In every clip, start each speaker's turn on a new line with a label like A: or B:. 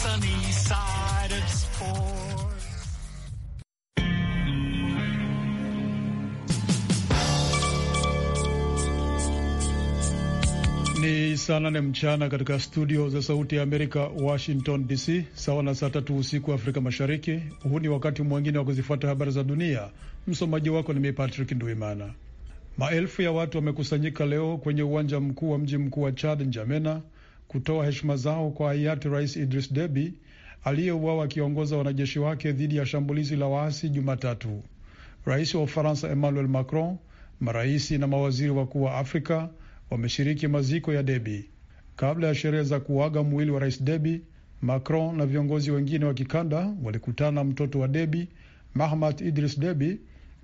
A: sunny side of sports.
B: Ni saa nane mchana katika studio za Sauti ya Amerika, Washington DC, sawa na saa tatu usiku Afrika Mashariki. Huu ni wakati mwingine wa kuzifuata habari za dunia. Msomaji wako ni mimi Patrick Nduimana. Maelfu ya watu wamekusanyika leo kwenye uwanja mkuu wa mji mkuu wa Chad, Njamena, kutoa heshima zao kwa hayati Rais Idris Deby aliyeuawa akiongoza wanajeshi wake dhidi ya shambulizi la waasi Jumatatu. Rais wa Ufaransa Emmanuel Macron, maraisi na mawaziri wakuu wa Afrika wameshiriki maziko ya Deby. Kabla ya sherehe za kuaga mwili wa Rais Deby, Macron na viongozi wengine wa kikanda walikutana mtoto wa Deby, Mahamat Idris Deby,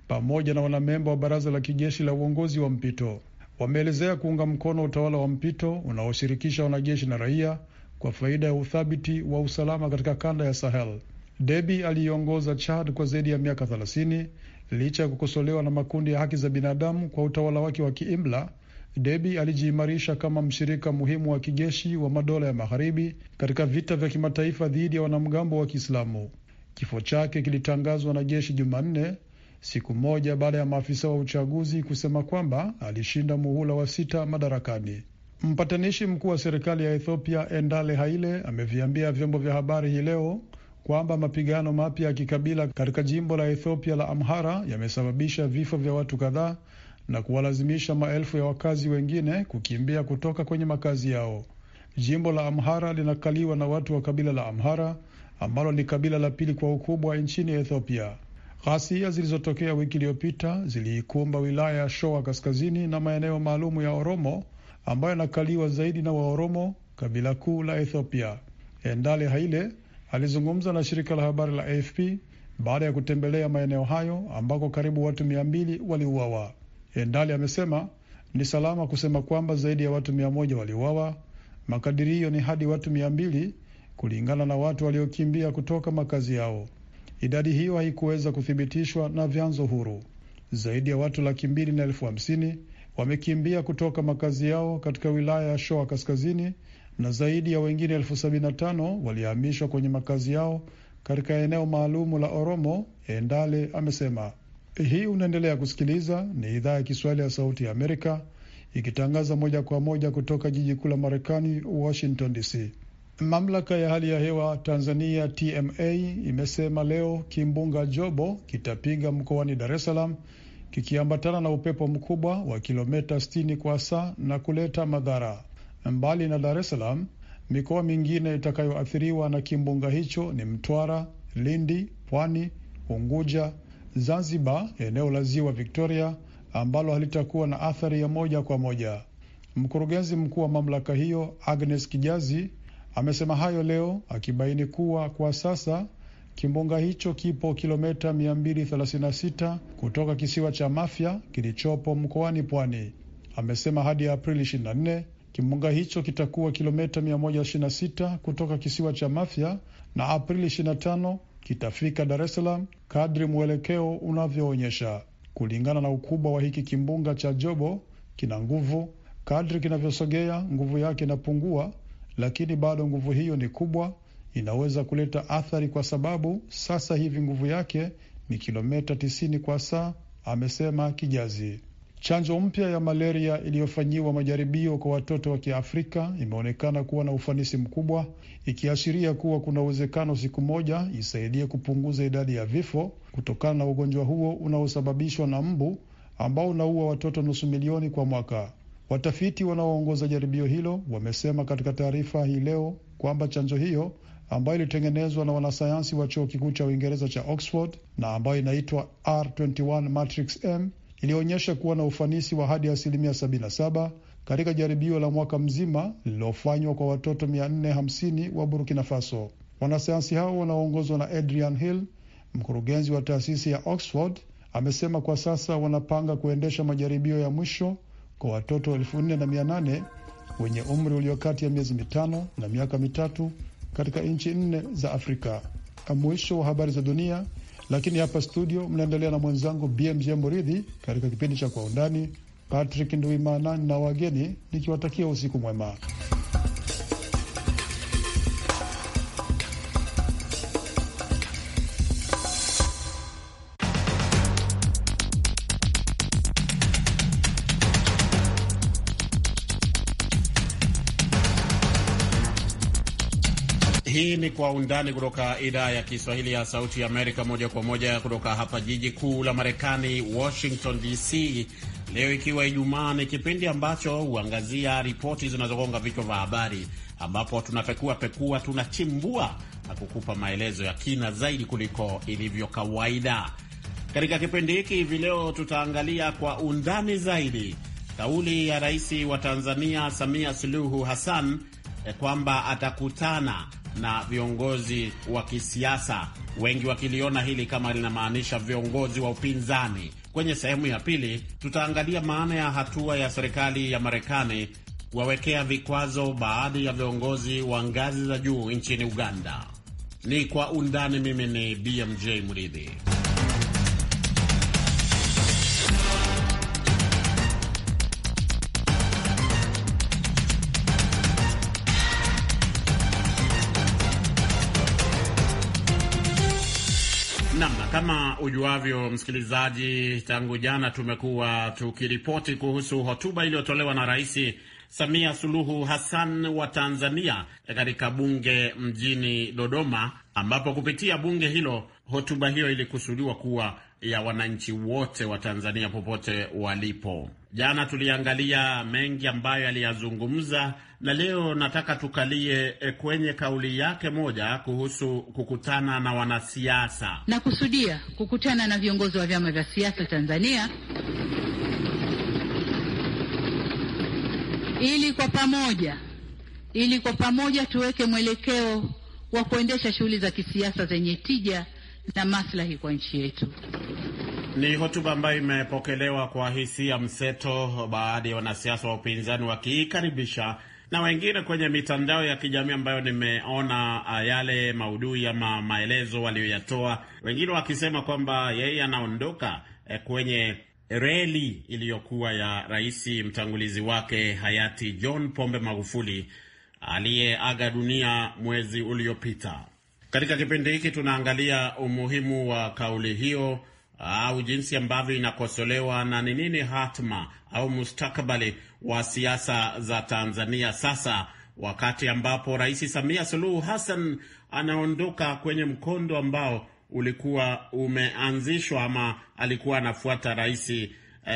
B: pamoja na wanamemba wa baraza la kijeshi la uongozi wa mpito wameelezea kuunga mkono utawala wa mpito unaoshirikisha wanajeshi na raia kwa faida ya uthabiti wa usalama katika kanda ya Sahel. Debi aliiongoza Chad kwa zaidi ya miaka 30 licha ya kukosolewa na makundi ya haki za binadamu kwa utawala wake wa kiimla. Debi alijiimarisha kama mshirika muhimu wa kijeshi wa madola ya magharibi katika vita vya kimataifa dhidi ya wanamgambo wa Kiislamu. Kifo chake kilitangazwa na jeshi Jumanne siku moja baada ya maafisa wa uchaguzi kusema kwamba alishinda muhula wa sita madarakani. Mpatanishi mkuu wa serikali ya Ethiopia Endale Haile ameviambia vyombo vya habari hii leo kwamba mapigano mapya ya kikabila katika jimbo la Ethiopia la Amhara yamesababisha vifo vya watu kadhaa na kuwalazimisha maelfu ya wakazi wengine kukimbia kutoka kwenye makazi yao. Jimbo la Amhara linakaliwa na watu wa kabila la Amhara ambalo ni kabila la pili kwa ukubwa nchini Ethiopia. Ghasia zilizotokea wiki iliyopita ziliikumba wilaya ya Shoa kaskazini na maeneo maalumu ya Oromo ambayo yanakaliwa zaidi na Waoromo, kabila kuu la Ethiopia. Endale Haile alizungumza na shirika la habari la AFP baada ya kutembelea maeneo hayo ambako karibu watu mia mbili waliuawa. Endale amesema ni salama kusema kwamba zaidi ya watu mia moja waliuawa. Makadirio ni hadi watu mia mbili kulingana na watu waliokimbia kutoka makazi yao. Idadi hiyo haikuweza kuthibitishwa na vyanzo huru. Zaidi ya watu laki mbili na elfu hamsini wamekimbia kutoka makazi yao katika wilaya ya Shoa Kaskazini, na zaidi ya wengine elfu sabini na tano walihamishwa kwenye makazi yao katika eneo maalumu la Oromo. Endale amesema. Hii unaendelea kusikiliza, ni idhaa ya Kiswahili ya Sauti ya Amerika ikitangaza moja kwa moja kutoka jiji kuu la Marekani, Washington DC. Mamlaka ya hali ya hewa Tanzania TMA imesema leo kimbunga Jobo kitapiga mkoani Dar es Salaam kikiambatana na upepo mkubwa wa kilometa 60 kwa saa na kuleta madhara. Mbali na Dar es Salaam, mikoa mingine itakayoathiriwa na kimbunga hicho ni Mtwara, Lindi, Pwani, Unguja, Zanzibar, eneo la ziwa Victoria ambalo halitakuwa na athari ya moja kwa moja. Mkurugenzi mkuu wa mamlaka hiyo Agnes Kijazi Amesema hayo leo akibaini kuwa kwa sasa kimbunga hicho kipo kilomita 236 kutoka kisiwa cha Mafia kilichopo mkoani Pwani. Amesema hadi ya Aprili 24 kimbunga hicho kitakuwa kilomita 126 kutoka kisiwa cha Mafia na Aprili 25 kitafika Dar es Salaam kadri mwelekeo unavyoonyesha. Kulingana na ukubwa wa hiki kimbunga cha Jobo, kina nguvu. Kadri kinavyosogea, nguvu yake inapungua lakini bado nguvu hiyo ni kubwa, inaweza kuleta athari kwa sababu sasa hivi nguvu yake ni kilomita 90 kwa saa, amesema Kijazi. Chanjo mpya ya malaria iliyofanyiwa majaribio kwa watoto wa Kiafrika imeonekana kuwa na ufanisi mkubwa, ikiashiria kuwa kuna uwezekano siku moja isaidie kupunguza idadi ya vifo kutokana na ugonjwa huo unaosababishwa na mbu ambao unaua watoto nusu milioni kwa mwaka. Watafiti wanaoongoza jaribio hilo wamesema katika taarifa hii leo kwamba chanjo hiyo ambayo ilitengenezwa na wanasayansi wa chuo kikuu cha Uingereza cha Oxford na ambayo inaitwa R21 Matrix M ilionyesha kuwa na ufanisi wa hadi asilimia 77 katika jaribio la mwaka mzima lililofanywa kwa watoto 450 wa Burkina Faso. Wanasayansi hao wanaoongozwa na Adrian Hill, mkurugenzi wa taasisi ya Oxford, amesema kwa sasa wanapanga kuendesha majaribio ya mwisho kwa watoto elfu nne na mia nane wenye umri ulio kati ya miezi mitano na miaka mitatu katika nchi nne za Afrika. Mwisho wa habari za dunia, lakini hapa studio mnaendelea na mwenzangu BMJ Muridhi katika kipindi cha Kwa Undani. Patrick Nduimana na wageni nikiwatakia usiku mwema.
C: ni Kwa Undani kutoka idhaa ya Kiswahili ya Sauti Amerika, moja kwa moja kutoka hapa jiji kuu la Marekani, Washington DC. Leo ikiwa Ijumaa, ni kipindi ambacho huangazia ripoti zinazogonga vichwa vya habari, ambapo tunapekua pekua, tunachimbua na kukupa maelezo ya kina zaidi kuliko ilivyo kawaida. Katika kipindi hiki hivi leo tutaangalia kwa undani zaidi kauli ya rais wa Tanzania Samia Suluhu Hassan eh, kwamba atakutana na viongozi wa kisiasa, wengi wakiliona hili kama linamaanisha viongozi wa upinzani. Kwenye sehemu ya pili tutaangalia maana ya hatua ya serikali ya Marekani kuwawekea vikwazo baadhi ya viongozi wa ngazi za juu nchini Uganda. Ni kwa undani. Mimi ni BMJ Mridhi. Kama ujuavyo, msikilizaji, tangu jana tumekuwa tukiripoti kuhusu hotuba iliyotolewa na Rais Samia Suluhu Hassan wa Tanzania katika bunge mjini Dodoma, ambapo kupitia bunge hilo hotuba hiyo ilikusudiwa kuwa ya wananchi wote wa Tanzania popote walipo. Jana tuliangalia mengi ambayo aliyazungumza, na leo nataka tukalie eh, kwenye kauli yake moja kuhusu kukutana na wanasiasa.
B: Nakusudia kukutana na viongozi wa vyama vya siasa Tanzania ili kwa pamoja ili kwa pamoja tuweke mwelekeo wa kuendesha shughuli za kisiasa zenye tija na maslahi kwa nchi yetu.
C: Ni hotuba ambayo imepokelewa kwa hisia mseto, baadhi ya wanasiasa wa upinzani wakiikaribisha na wengine kwenye mitandao ya kijamii ambayo nimeona ah, yale maudhui ama maelezo waliyoyatoa, wengine wakisema kwamba yeye anaondoka eh, kwenye reli iliyokuwa ya rais mtangulizi wake hayati John Pombe Magufuli aliyeaga dunia mwezi uliopita. Katika kipindi hiki tunaangalia umuhimu wa kauli hiyo au jinsi ambavyo inakosolewa na ni nini hatma au mustakabali wa siasa za Tanzania sasa wakati ambapo Rais Samia Suluhu Hassan anaondoka kwenye mkondo ambao ulikuwa umeanzishwa ama alikuwa anafuata rais eh,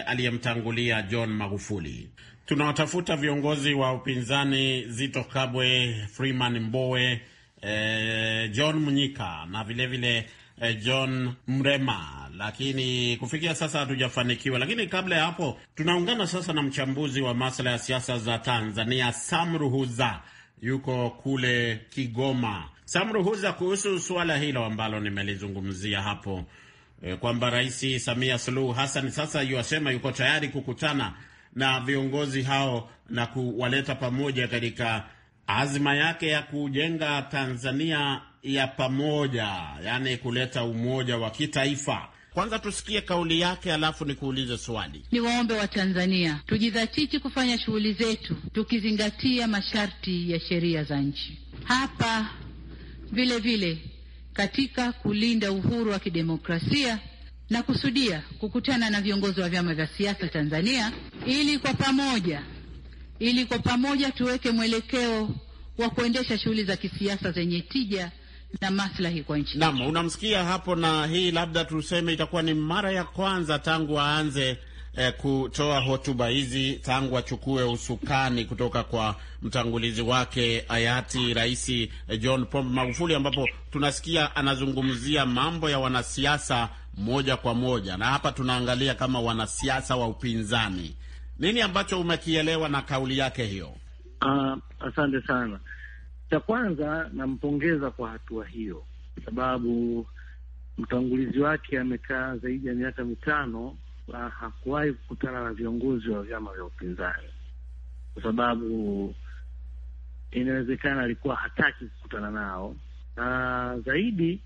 C: aliyemtangulia John Magufuli. Tunawatafuta viongozi wa upinzani Zito Kabwe, Freeman Mbowe eh, John Mnyika na vilevile vile, eh, John Mrema, lakini kufikia sasa hatujafanikiwa. Lakini kabla ya hapo, tunaungana sasa na mchambuzi wa masuala ya siasa za Tanzania Sam Ruhuza, yuko kule Kigoma. Sam Ruhuza, kuhusu suala hilo ambalo nimelizungumzia hapo eh, kwamba Rais Samia Suluhu Hassan sasa yuasema yuko tayari kukutana na viongozi hao na kuwaleta pamoja katika azima yake ya kujenga Tanzania ya pamoja, yaani kuleta umoja wa kitaifa. Kwanza tusikie kauli yake, alafu nikuulize swali.
B: Ni waombe wa Tanzania tujidhatiti kufanya shughuli zetu tukizingatia masharti ya sheria za nchi hapa, vile vile katika kulinda uhuru wa kidemokrasia na kusudia kukutana na viongozi wa vyama vya siasa Tanzania ili kwa pamoja ili kwa pamoja tuweke mwelekeo wa kuendesha shughuli za kisiasa zenye tija na maslahi kwa nchi.
C: Naam, unamsikia hapo, na hii labda tuseme itakuwa ni mara ya kwanza tangu aanze eh, kutoa hotuba hizi tangu achukue usukani kutoka kwa mtangulizi wake hayati Rais eh, John Pombe Magufuli, ambapo tunasikia anazungumzia mambo ya wanasiasa moja kwa moja, na hapa tunaangalia kama wanasiasa wa upinzani nini ambacho umekielewa na kauli yake hiyo?
D: Uh, asante sana. Cha kwanza nampongeza kwa hatua hiyo, kwa sababu mtangulizi wake amekaa zaidi ya miaka mitano na hakuwahi kukutana na viongozi wa vyama vya upinzani, kwa sababu inawezekana alikuwa hataki kukutana nao na zaidi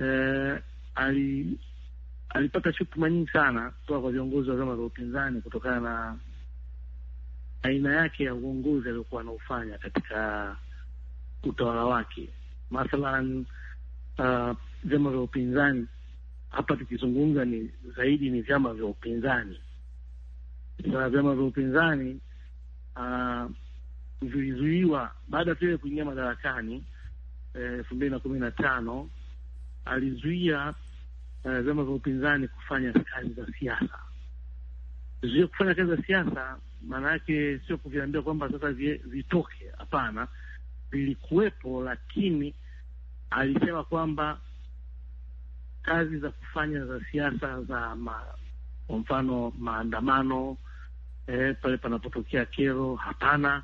D: eh, ali alipata shutuma nyingi sana kutoka kwa viongozi wa vyama vya upinzani kutokana na aina yake ya uongozi aliyokuwa anaufanya katika utawala wake. Mathalan, uh, vyama vya upinzani hapa tukizungumza ni zaidi ni vyama vya upinzani na vyama vya upinzani uh, vilizuiwa baada tu ya kuingia madarakani eh, elfu mbili na kumi na tano alizuia uh, vyama vya upinzani kufanya kazi za siasa. Zuia kufanya kazi za siasa maana yake sio kuviambia kwamba sasa vitoke, hapana, vilikuwepo, lakini alisema kwamba kazi za kufanya za siasa za ma, kwa mfano maandamano eh, pale panapotokea kero, hapana.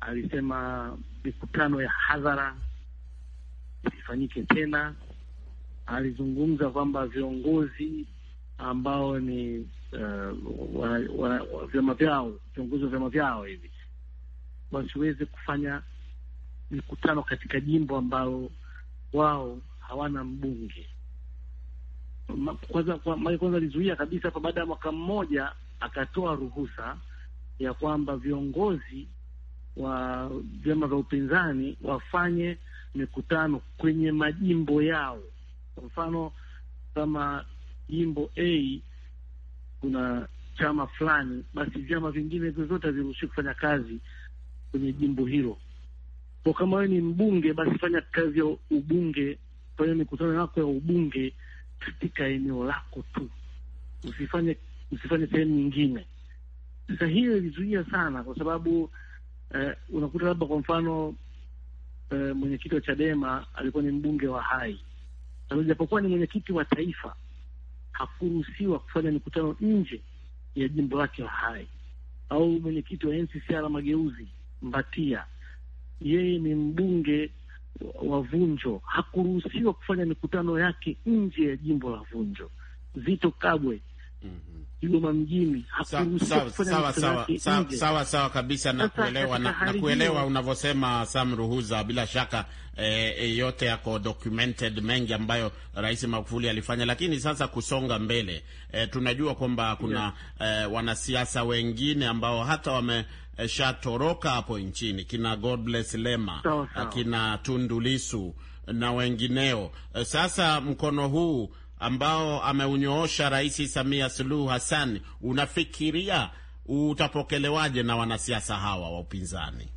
D: Alisema mikutano ya hadhara isifanyike tena, alizungumza kwamba viongozi ambao ni uh, vyao viongozi wa vyama vyao hivi wasiweze kufanya mikutano katika jimbo ambalo wao hawana mbunge. Kwanza kwanza alizuia kabisa hapa, baada ya mwaka mmoja akatoa ruhusa ya kwamba viongozi wa vyama vya upinzani wafanye mikutano kwenye majimbo yao kwa mfano kama jimbo A kuna chama fulani, basi vyama vingine vyovyote haviruhusiwi kufanya kazi kwenye jimbo hilo. Kwa kama wewe ni mbunge, basi fanya kazi ya ubunge fanya mikutano yako ya ubunge katika eneo lako tu, usifanye usifanye sehemu nyingine. Sasa hiyo ilizuia sana, kwa sababu eh, unakuta labda kwa mfano eh, mwenyekiti wa Chadema alikuwa ni mbunge wa Hai Japokuwa ni mwenyekiti wa taifa, hakuruhusiwa kufanya mikutano nje ya jimbo lake la Hai. Au mwenyekiti wa NCCR Mageuzi Mbatia, yeye ni mbunge wa Vunjo, hakuruhusiwa kufanya mikutano yake nje ya jimbo la Vunjo. Zito Kabwe mm -hmm. Dodoma mjini. Sawa sawa sawa, sawa
C: sawa kabisa na kuelewa, na, na kuelewa unavyosema Sam Ruhuza, bila shaka eh, eh, yote yako documented mengi ambayo Rais Magufuli alifanya, lakini sasa kusonga mbele eh, tunajua kwamba kuna eh, wanasiasa wengine ambao hata wame shatoroka hapo nchini kina Godbless Lema so, so, kina tundulisu na wengineo. Eh, sasa mkono huu ambao ameunyoosha Rais Samia Suluhu Hassan, unafikiria utapokelewaje na wanasiasa hawa wa upinzani?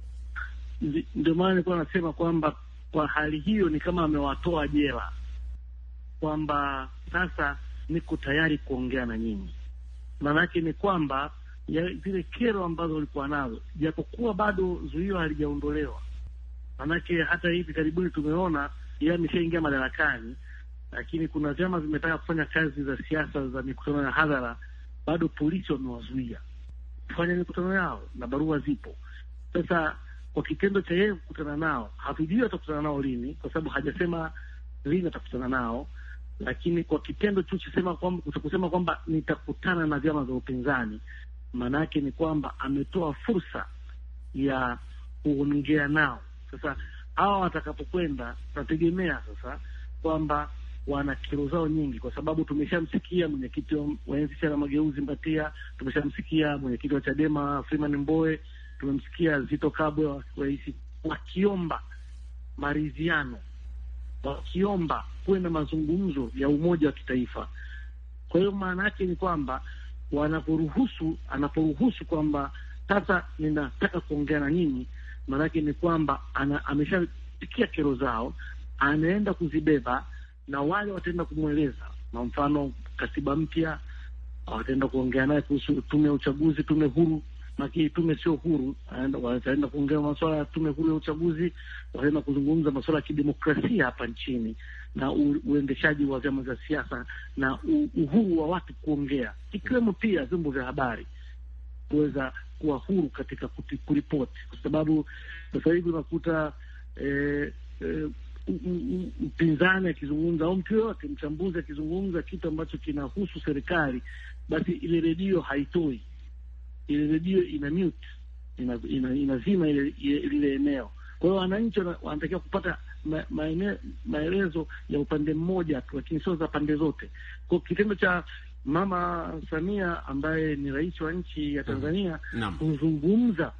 D: Ndio maana nilikuwa nasema kwamba kwa hali hiyo ni kama amewatoa jela, kwamba sasa niko tayari kuongea na nyinyi. Maanake ni kwamba zile kero ambazo walikuwa nazo, japokuwa bado zuio halijaondolewa, maanake hata hivi karibuni tumeona yeye ameshaingia madarakani lakini kuna vyama vimetaka kufanya kazi za siasa za mikutano ya hadhara, bado polisi wamewazuia kufanya mikutano yao na barua zipo. Sasa kwa kitendo cha yeye kukutana nao, hatujui atakutana nao lini, kwa sababu hajasema lini atakutana nao, lakini kwa kitendo tu cha kusema kwamba nitakutana na vyama vya upinzani, maana yake ni kwamba ametoa fursa ya kuongea nao. Sasa hawa watakapokwenda, tunategemea sasa kwamba wana kero zao nyingi, kwa sababu tumeshamsikia mwenyekiti wa Enzi Mageuzi Mbatia, tumeshamsikia mwenyekiti wa Chadema Freeman Mbowe, tumemsikia Zito Kabwe rahisi wakiomba maridhiano, wakiomba kuwe na mazungumzo ya umoja wa kitaifa. Kwa hiyo maana yake ni kwamba wanaporuhusu, anaporuhusu kwamba sasa ninataka kuongea na nyinyi, maanake ni kwamba ameshasikia kero zao, anaenda kuzibeba na wale wataenda kumweleza, kwa mfano katiba mpya, wataenda kuongea naye kuhusu tume ya uchaguzi, tume huru lakini tume sio huru. Wataenda kuongea masuala ya tume huru ya uchaguzi, wataenda kuzungumza masuala ya kidemokrasia hapa nchini na uendeshaji wa vyama vya siasa na uhuru wa watu kuongea, ikiwemo pia vyombo vya habari kuweza kuwa huru katika kuripoti, kwa sababu sasa hivi unakuta eh, eh, mpinzani akizungumza au mtu yoyote mchambuzi akizungumza kitu ambacho kinahusu serikali, basi ile redio haitoi, ile redio ina mute, inazima ina, ina lile eneo. Kwa hiyo wananchi wanatakiwa kupata maelezo ma, ma, ya upande mmoja tu, lakini sio za pande zote. Kwa kitendo cha Mama Samia ambaye ni rais wa nchi ya mm-hmm. Tanzania kuzungumza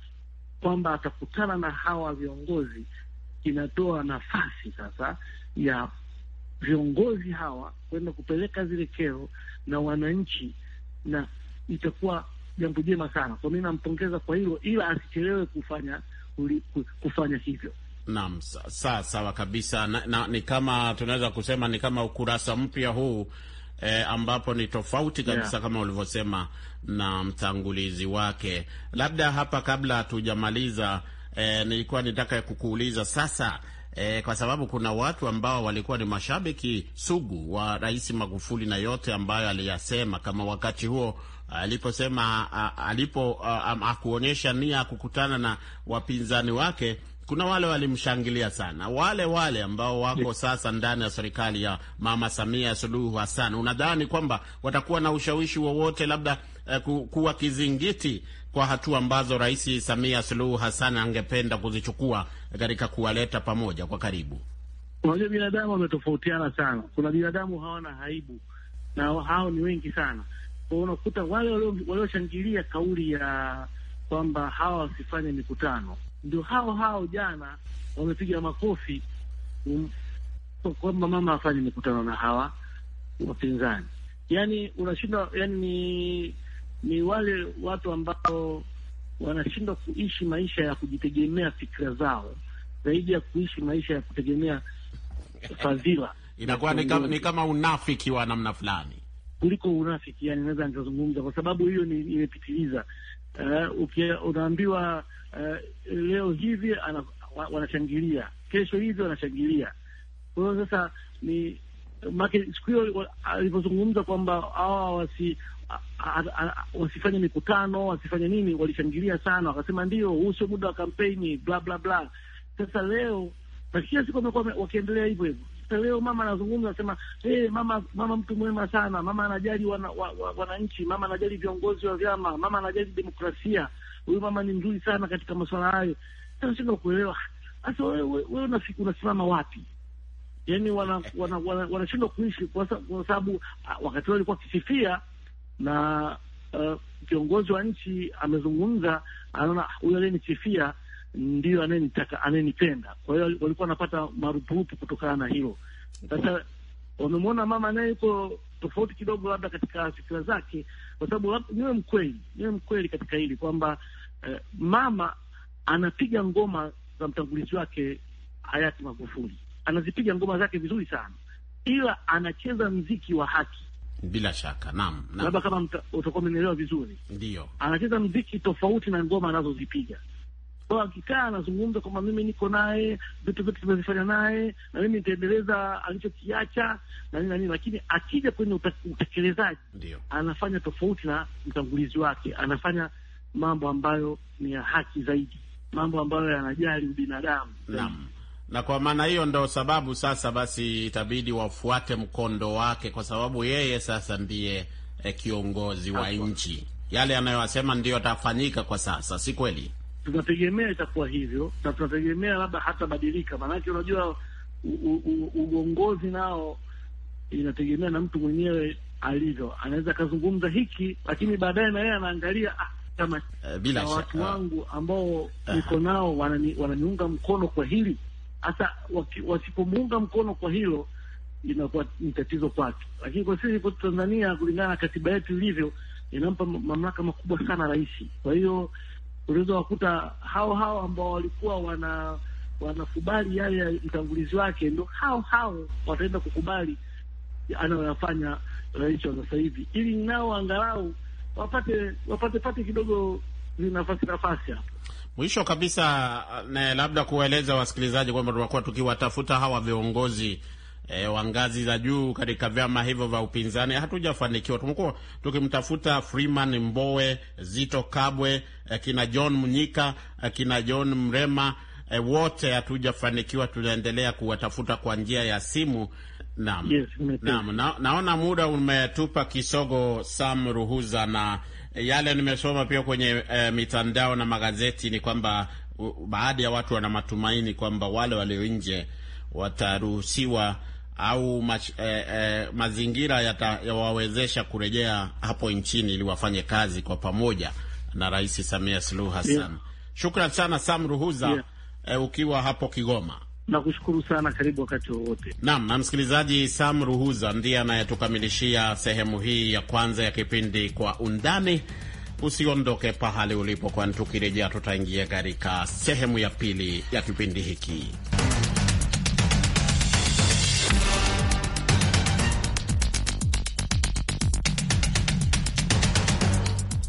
D: kwamba atakutana na hawa viongozi inatoa nafasi sasa ya viongozi hawa kwenda kupeleka zile kero na wananchi, na itakuwa jambo jema sana. Kwa mi nampongeza kwa hilo, ila asichelewe kufanya kufanya hivyo.
C: Naam, sawa sawa kabisa na, na, ni kama tunaweza kusema ni kama ukurasa mpya huu E, ambapo ni tofauti kabisa yeah, kama ulivyosema na mtangulizi wake. Labda hapa kabla hatujamaliza e, nilikuwa nitaka kukuuliza sasa e, kwa sababu kuna watu ambao walikuwa ni mashabiki sugu wa Rais Magufuli na yote ambayo aliyasema, kama wakati huo eh, aliposema alipo akuonyesha nia ya kukutana na wapinzani wake kuna wale walimshangilia sana, wale wale ambao wako sasa ndani ya serikali ya Mama Samia Suluhu Hassan. Unadhani kwamba watakuwa na ushawishi wowote labda eh, kuwa kizingiti kwa hatua ambazo Rais Samia Suluhu Hassan angependa kuzichukua katika kuwaleta pamoja kwa karibu?
D: Unajua, binadamu wametofautiana sana. Kuna binadamu hawana haibu na hao ni wengi sana. unakuta wale walioshangilia kauli ya kwamba hawa wasifanye mikutano ndio hao hao jana wamepiga makofi um, kwamba mama afanye mikutano na hawa wapinzani. Yani unashinda yani ni wale watu ambao wanashindwa kuishi maisha ya kujitegemea fikra zao zaidi ya kuishi maisha ya kutegemea
C: fadhila. Inakuwa ni kama, ni kama unafiki wa namna fulani
D: kuliko unafiki, yani naweza nikazungumza kwa sababu hiyo ni imepitiliza. Uh, eh, unaambiwa uh, leo hivi ana, wa, wanashangilia kesho hivi wanashangilia. Kwa hiyo sasa ni make siku hiyo alivyozungumza kwamba hawa wasi wasifanye mikutano wasifanye nini, walishangilia sana, wakasema ndio, huu sio muda wa kampeni, bla bla bla. Sasa leo na kila siku wamekuwa wakiendelea hivyo hivyo. Sasa leo mama anazungumza anasema, hey, eh, mama mama mtu mwema sana, mama anajali wananchi wa, wa, wa, mama anajali viongozi wa vyama, mama anajali demokrasia, huyu mama ni mzuri sana katika masuala hayo. Sasa shinda kuelewa sasa wewe wewe unasimama wapi? Yani wanashindwa wana, wana, wana kuishi kwa sababu wakati wao walikuwa wakisifia na uh, kiongozi wa nchi amezungumza, anaona huyo anayenisifia ndiyo anayenitaka anayenipenda. Kwa hiyo walikuwa wanapata marupurupu kutokana na hilo. Sasa wamemwona mama naye yuko tofauti kidogo, labda katika fikira zake, kwa sababu niwe mkweli, niwe mkweli katika hili kwamba eh, mama anapiga ngoma za mtangulizi wake hayati Magufuli, anazipiga ngoma zake vizuri sana, ila anacheza mziki wa haki
C: bila shaka, naam, naam. Labda
D: kama utakuwa umenielewa vizuri, ndio anacheza mziki tofauti na ngoma anazozipiga kwa akikaa anazungumza kwamba mimi niko naye, vitu vitu tumevifanya naye na mimi nitaendeleza alichokiacha na nini na nini, lakini akija kwenye utekelezaji anafanya tofauti na mtangulizi wake, anafanya mambo ambayo ni ya haki zaidi, mambo ambayo yanajali ubinadamu.
C: Naam na kwa maana hiyo ndo sababu sasa basi itabidi wafuate mkondo wake, kwa sababu yeye sasa ndiye e, kiongozi wa nchi. Yale anayosema ndiyo atafanyika kwa sasa, si kweli?
D: Tunategemea itakuwa hivyo, na tunategemea labda hatabadilika, maanake unajua uongozi nao inategemea na mtu mwenyewe alivyo. Anaweza akazungumza hiki, lakini baadaye na yeye anaangalia ah, kama eh, watu wangu ambao ah. niko nao wanani, wananiunga mkono kwa hili Hasa wasipomuunga mkono kwa hilo, inakuwa ni tatizo kwake. Lakini kwa sisi kwetu Tanzania, kulingana na katiba yetu ilivyo, inampa mamlaka makubwa sana rais. Kwa hiyo unaweza wakuta hao hao ambao walikuwa wana wanakubali yale ya mtangulizi wake, ndo hao hao wataenda kukubali anayoyafanya rais wa sasa hivi, ili nao angalau wapate wapate pate kidogo nafasi nafasi hapo.
C: Mwisho kabisa, uh, na labda kuwaeleza wasikilizaji kwamba tumekuwa tukiwatafuta hawa viongozi E, wa ngazi za juu katika vyama hivyo vya upinzani hatujafanikiwa. Tumekuwa tukimtafuta Freeman Mbowe, Zito Kabwe, e, kina John Mnyika, e, eh, kina John Mrema, e, wote hatujafanikiwa. Tunaendelea kuwatafuta kwa njia ya simu. Naam, yes, naam, na, naona muda umetupa kisogo. Sam Ruhuza na Eh, yale nimesoma pia kwenye e, mitandao na magazeti ni kwamba baadhi ya watu wana matumaini kwamba wale walio nje wataruhusiwa au mach, e, e, mazingira yatawawezesha kurejea hapo nchini ili wafanye kazi kwa pamoja na Rais Samia Suluhu Hassan. Yeah. Shukran sana Sam Ruhuza, yeah. e, ukiwa hapo Kigoma. Nakushukuru sana, karibu wakati wowote. Naam, na msikilizaji Sam Ruhuza ndiye anayetukamilishia sehemu hii ya kwanza ya kipindi Kwa Undani. Usiondoke pahali ulipo, kwani tukirejea tutaingia katika sehemu ya pili ya kipindi hiki.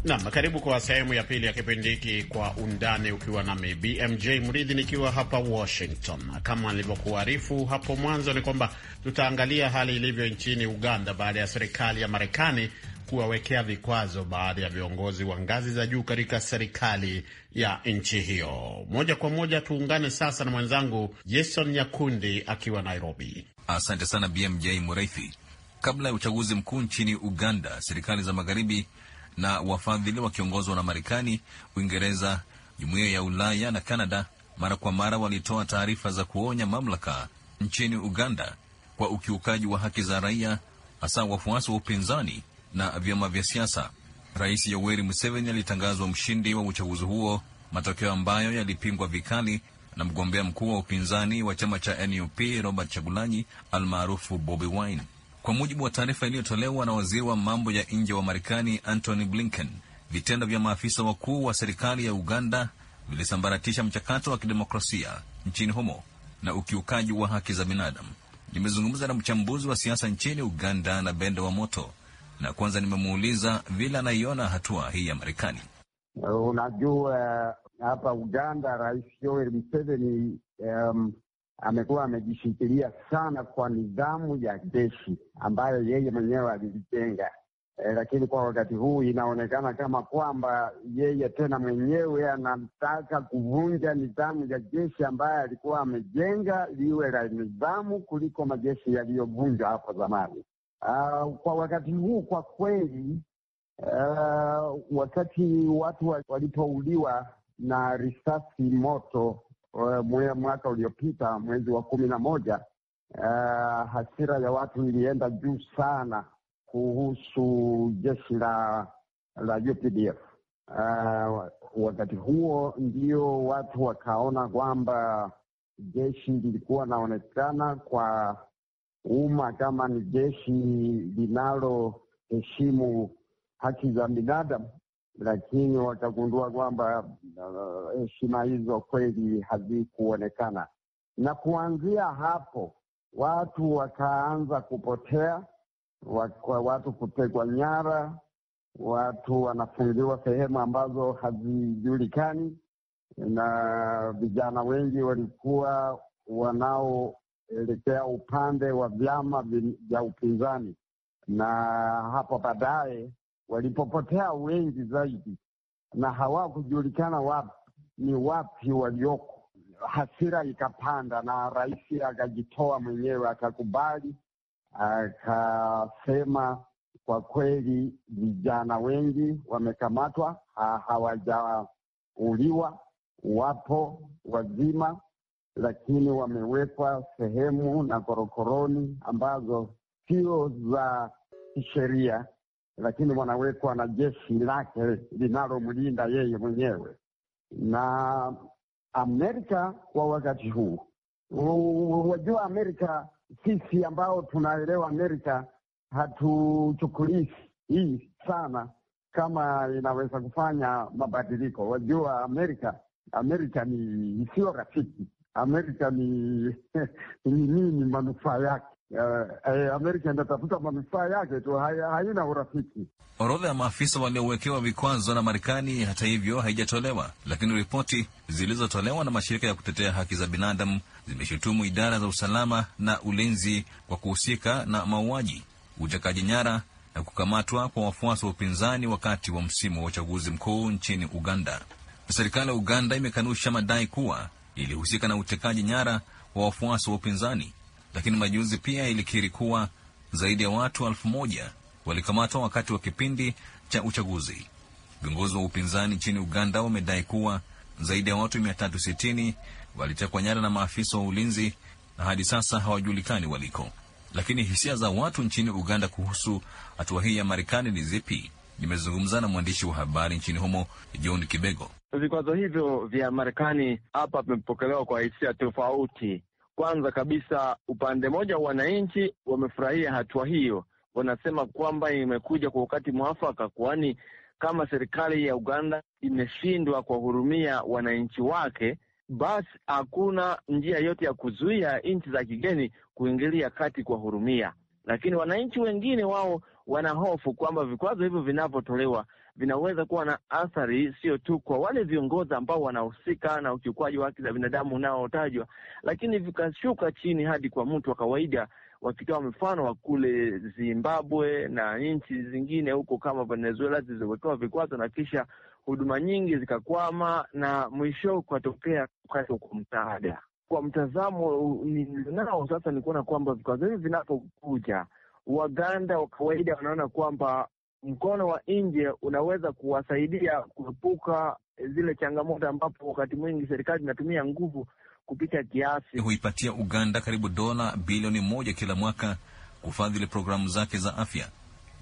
C: Nam, karibu kwa sehemu ya pili ya kipindi hiki kwa undani, ukiwa nami BMJ Mridhi nikiwa hapa Washington. Kama nilivyokuarifu hapo mwanzo, ni kwamba tutaangalia hali ilivyo nchini Uganda baada ya serikali ya Marekani kuwawekea vikwazo baadhi ya viongozi wa ngazi za juu katika serikali ya nchi hiyo. Moja kwa moja tuungane sasa na mwenzangu Jason Nyakundi akiwa
A: Nairobi. Asante sana BMJ Mridhi. Kabla ya uchaguzi mkuu nchini Uganda, serikali za magharibi na wafadhili wakiongozwa na Marekani, Uingereza, Jumuiya ya Ulaya na Kanada mara kwa mara walitoa taarifa za kuonya mamlaka nchini Uganda kwa ukiukaji wa haki za raia, hasa wafuasi wa upinzani na vyama vya siasa. Rais Yoweri Museveni alitangazwa mshindi wa uchaguzi huo, matokeo ambayo yalipingwa vikali na mgombea mkuu wa upinzani wa chama cha NUP Robert Chagulanyi almaarufu Bobi Wine. Kwa mujibu wa taarifa iliyotolewa na waziri wa mambo ya nje wa Marekani Antony Blinken, vitendo vya maafisa wakuu wa serikali ya Uganda vilisambaratisha mchakato wa kidemokrasia nchini humo na ukiukaji wa haki za binadamu. Nimezungumza na mchambuzi wa siasa nchini Uganda na Benda wa Moto, na kwanza nimemuuliza vile anaiona hatua hii ya Marekani.
E: Unajua eh, hapa Uganda Rais Yoweri Museveni um, amekuwa amejishikilia sana kwa nidhamu ya jeshi ambayo yeye mwenyewe alijenga. E, lakini kwa wakati huu inaonekana kama kwamba yeye tena mwenyewe anataka kuvunja nidhamu ya jeshi ambayo alikuwa amejenga liwe la nidhamu kuliko majeshi yaliyovunjwa hapo zamani. Uh, kwa wakati huu kwa kweli uh, wakati watu walipouliwa na risasi moto uh, mwaka uliopita mwezi wa kumi na moja uh, hasira ya watu ilienda juu sana kuhusu jeshi la la UPDF. Uh, eh, wakati huo ndio watu wakaona kwamba jeshi lilikuwa naonekana kwa umma kama ni jeshi linaloheshimu haki za binadamu lakini watagundua kwamba uh, heshima uh, hizo kweli hazikuonekana, na kuanzia hapo watu wakaanza kupotea, watu kutegwa nyara, watu wanafungiwa sehemu ambazo hazijulikani, na vijana wengi walikuwa wanaoelekea upande wa vyama vya upinzani, na hapo baadaye walipopotea wengi zaidi na hawakujulikana wapi ni wapi walioko. Hasira ikapanda na rais akajitoa mwenyewe, akakubali, akasema kwa kweli vijana wengi wamekamatwa, hawajauliwa, wapo wazima, lakini wamewekwa sehemu na korokoroni ambazo sio za kisheria lakini wanawekwa na jeshi lake linalomlinda yeye mwenyewe. Na Amerika kwa wakati huu, wajua, Amerika sisi ambao tunaelewa Amerika hatuchukulii hii sana kama inaweza kufanya mabadiliko. Wajua Amerika, Amerika ni isiyo rafiki. Amerika ni ni nini manufaa yake? Eh, eh, Amerika inatafuta manufaa yake tu, haina urafiki.
A: Orodha ya maafisa waliowekewa vikwazo na Marekani hata hivyo haijatolewa, lakini ripoti zilizotolewa na mashirika ya kutetea haki za binadamu zimeshutumu idara za usalama na ulinzi kwa kuhusika na mauaji, utekaji nyara na kukamatwa kwa wafuasi wa upinzani wakati wa msimu wa uchaguzi mkuu nchini Uganda. Serikali ya Uganda imekanusha madai kuwa ilihusika na utekaji nyara wa wafuasi wa upinzani lakini majuzi pia ilikiri kuwa zaidi ya watu elfu moja walikamatwa wakati wa kipindi cha uchaguzi. Viongozi wa upinzani nchini Uganda wamedai kuwa zaidi ya watu sitini walitekwa nyara na maafisa wa ulinzi na hadi sasa hawajulikani waliko. Lakini hisia za watu nchini Uganda kuhusu hatua hii ya Marekani ni zipi? Nimezungumza na mwandishi wa habari nchini humo John Kibego.
F: Vikwazo hivyo vya Marekani hapa vimepokelewa kwa hisia tofauti. Kwanza kabisa, upande mmoja wa wananchi wamefurahia hatua hiyo, wanasema kwamba imekuja kwa wakati mwafaka, kwani kama serikali ya Uganda imeshindwa kuwahurumia wananchi wake, basi hakuna njia yote ya kuzuia nchi za kigeni kuingilia kati kuwahurumia. Lakini wananchi wengine wao wanahofu kwamba vikwazo hivyo vinavyotolewa vinaweza kuwa na athari sio tu kwa wale viongozi ambao wanahusika na ukiukwaji wa haki za binadamu unaotajwa, lakini vikashuka chini hadi kwa mtu wa kawaida, wakitoa mfano wa kule Zimbabwe na nchi zingine huko kama Venezuela zilizowekewa vikwazo na kisha huduma nyingi zikakwama na mwisho ukatokea kukatwa kwa msaada. Kwa mtazamo nilionao sasa, ni kuona kwamba vikwazo hivi vinapokuja Waganda wa kawaida wanaona kwamba mkono wa nje unaweza kuwasaidia kuepuka zile changamoto ambapo wakati mwingi serikali inatumia nguvu kupita
A: kiasi. Huipatia Uganda karibu dola bilioni moja kila mwaka kufadhili programu zake za afya.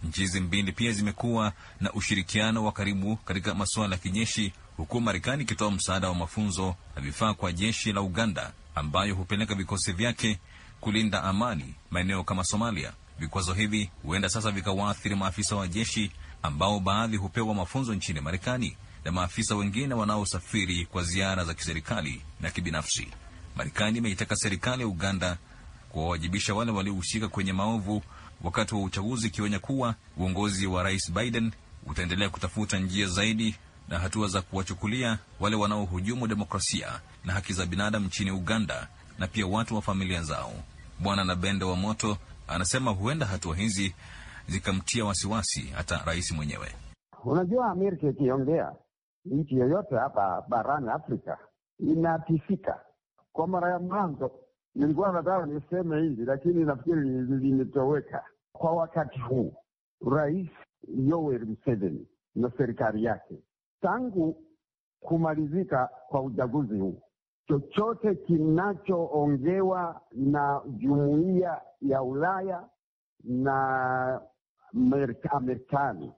A: Nchi hizi mbili pia zimekuwa na ushirikiano wa karibu katika masuala ya kijeshi, huku Marekani ikitoa msaada wa mafunzo na vifaa kwa jeshi la Uganda, ambayo hupeleka vikosi vyake kulinda amani maeneo kama Somalia. Vikwazo hivi huenda sasa vikawaathiri maafisa wa jeshi ambao baadhi hupewa mafunzo nchini Marekani na maafisa wengine wanaosafiri kwa ziara za kiserikali na kibinafsi. Marekani imeitaka serikali ya Uganda kuwawajibisha wale waliohusika kwenye maovu wakati wa uchaguzi, ikionya kuwa uongozi wa Rais Biden utaendelea kutafuta njia zaidi na hatua za kuwachukulia wale wanaohujumu demokrasia na haki za binadamu nchini Uganda na pia watu wa familia zao. Bwana Nabende wa Moto Anasema huenda hatua hizi zikamtia wasiwasi hata rais mwenyewe.
E: Unajua, Amerika ikiongea, nchi yoyote hapa barani Afrika inatisika. Kwa mara ya mwanzo nilikuwa nataka niseme hivi, lakini nafikiri limetoweka. Kwa wakati huu Rais Yoweri Museveni na serikali yake tangu kumalizika kwa uchaguzi huu chochote kinachoongewa na jumuiya ya Ulaya na Amerikani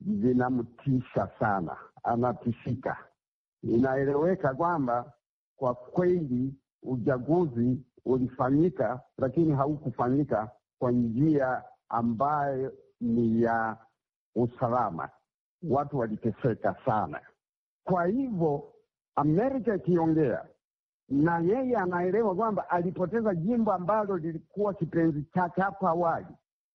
E: vinamtisha sana, anatishika. Inaeleweka kwamba kwa kweli uchaguzi ulifanyika, lakini haukufanyika kwa njia ambayo ni ya usalama. Watu waliteseka sana. Kwa hivyo Amerika ikiongea na yeye anaelewa kwamba alipoteza jimbo ambalo lilikuwa kipenzi chake hapo awali,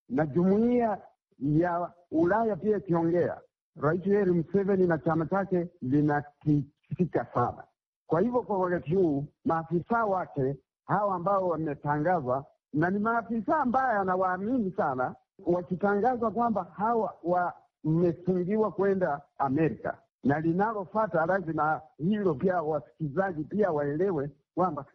E: na jumuiya ya Ulaya pia ikiongea, Rais Yoweri Museveni na chama chake linakisika sana. Kwa hivyo kwa wakati huu maafisa wake hawa ambao wametangazwa na ni maafisa ambaye anawaamini sana, wakitangazwa kwamba hawa wamefungiwa kwenda Amerika na linalofata lazima hilo pia wasikizaji pia waelewe kwamba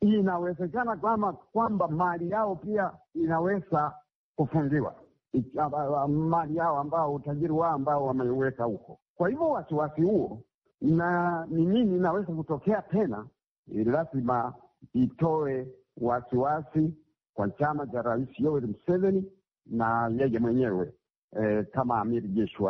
E: inawezekana kama kwamba mali yao pia inaweza kufungiwa, uh, uh, mali yao ambao utajiri wao ambao wameiweka huko. Kwa hivyo wasiwasi huo na ni nini inaweza kutokea tena, lazima itoe wasiwasi kwa chama cha Rais Yoweri Museveni na yeye mwenyewe e, kama amiri jeshi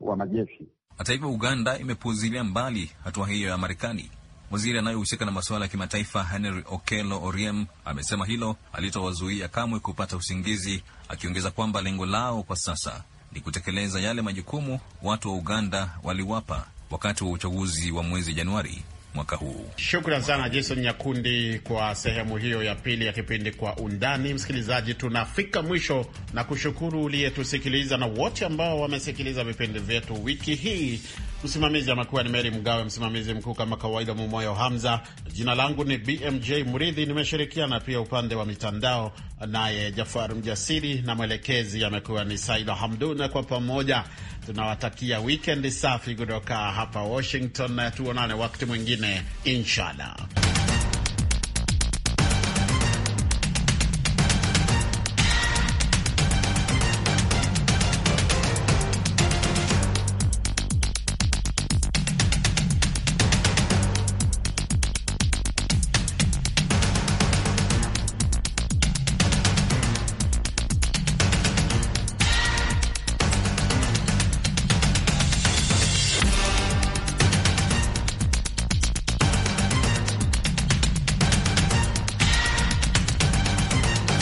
A: wa majeshi hata hivyo, Uganda imepuuzilia mbali hatua hiyo ya Marekani. Waziri anayehusika na masuala ya kimataifa Henry Okello Oriem amesema hilo alitowazuia kamwe kupata usingizi, akiongeza kwamba lengo lao kwa sasa ni kutekeleza yale majukumu watu wa Uganda waliwapa wakati wa uchaguzi wa mwezi Januari mwaka huu.
C: Shukran sana Jason Nyakundi kwa sehemu hiyo ya pili ya kipindi Kwa Undani. Msikilizaji, tunafika mwisho na kushukuru uliyetusikiliza na wote ambao wamesikiliza vipindi vyetu wiki hii. Msimamizi amekuwa ni Meri Mgawe, msimamizi mkuu kama kawaida Mumoyo Hamza. Jina langu ni BMJ Mridhi, nimeshirikiana pia upande wa mitandao naye Jafar Mjasiri, na mwelekezi amekuwa ni Saida Hamdun. Kwa pamoja tunawatakia wikendi safi kutoka hapa Washington, tuonane wakati mwingine inshallah.